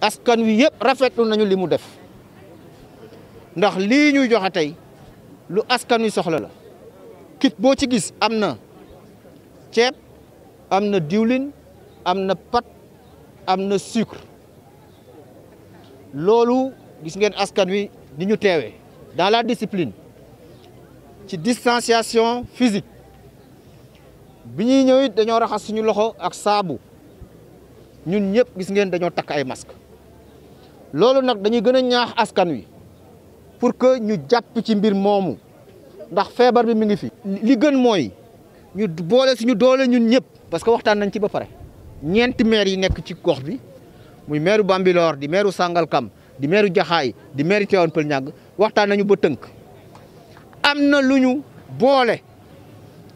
askan wi avons rafetlu nañu li mu def ndax ñuy joxe lu askan soxla la kit boo ci gis am na ceeb pat sucre loolu gis ngeen askan ni ñu dans la discipline ci distanciation physique bi ñuy ñëw it dañoo raxas suñu loxo ak ñun gis ngeen masque loolu nak dañuy gëna ñaax askan wi pour que ñu japp ci mbir momu ndax fièvre bi mi ngi fi. li gën moy ñu boole suñu doole ñun ñëpp parce que waxtaan nañ ci ba paré ñent maire yi nekk ci gox bi muy maire Bambilor di maire kam di maire jaxay di maire Tivaouane pel ñag waxtaan nañu ba teunk amna luñu boole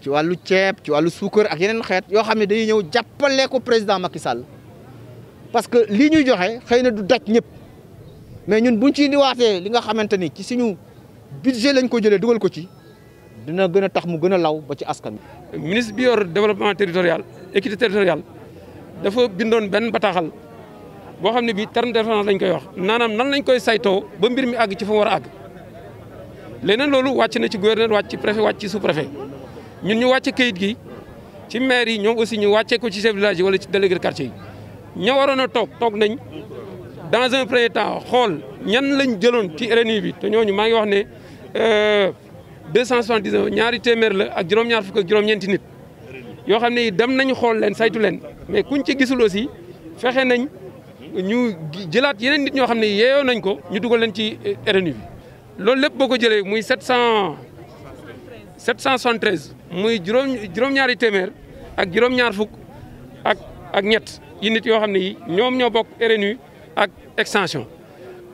ci walu ciep ci walu sucre ak yenen xet yo xamni dañuy ñëw jappalé ko président Macky Sall parce que li ñuy joxe xëy na du daj ñëpp. mais ñun buñ ci indiwaatee li nga xamante ni ci suñu budget lañ ko jële dugal ko ci dina gën a tax mu gën a law ba ci askan wi. ministre bi yor développement territorial équité territoriale dafa bindoon benn bataaxal boo xam ne bii terme de référence lañ koy wax naanaam nan lañ koy saytoo ba mbir mi àgg ci fa war a àgg leneen loolu wàcc na ci gouverneur wàcc ci préfet wàcc ci sous préfet ñun ñu wàcce kayit gi ci maire yi ñoom aussi ñu wàccee ko ci chef de wala ci délégué de quartier yi waroon a toog toog nañ. dans un premier temps xool ñan lañ jëlone ci RNI bi te ñooñu ma ngi wax né euh cent ñaari téeméer la ak juroom ñaar fukk juroom juróom nit yo xamné dem nañu xool leen saytu leen mais kuñ ci gisul aussi fexé nañ ñu jëlat yeneen nit ñoo xamné ne nañ ko ñu duggal leen ci euh, RNI bi loolu lepp boko jëlé muy 700 773 muy juroom juroom ñaari téeméer ak juroom ñaar fukk ak ak ñet yi nit yo xamné ne ñoom ñoo bok RNI ak extension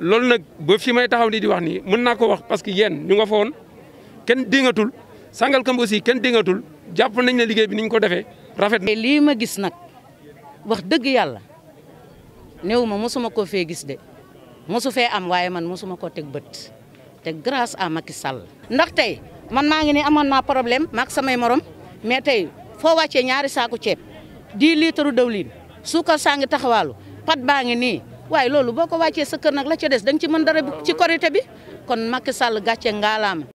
lol nak bo fi may taxaw ni di wax ni mën nako wax parce que yéen ñu nga fa ken dingatul sangal Sangalkam aussi ken dingatul japp nañ ne liggey bi niñ ko defé rafet na. lii ma gis nak wax deug yalla newuma musuma ko fe gis de musu fe am waye man musuma ko tek beut te grâce à Macky Sall. ndax tay man ma ngi ni amon na problème mak samay morom mais tay fo wacce ñaari saku ciep 10 litres pat baa ngi waaye loolu boo ko wàccee sa kër nag la ca des da nga ci mën dara ci korité bi kon Macky Sall gàcce ngaalaama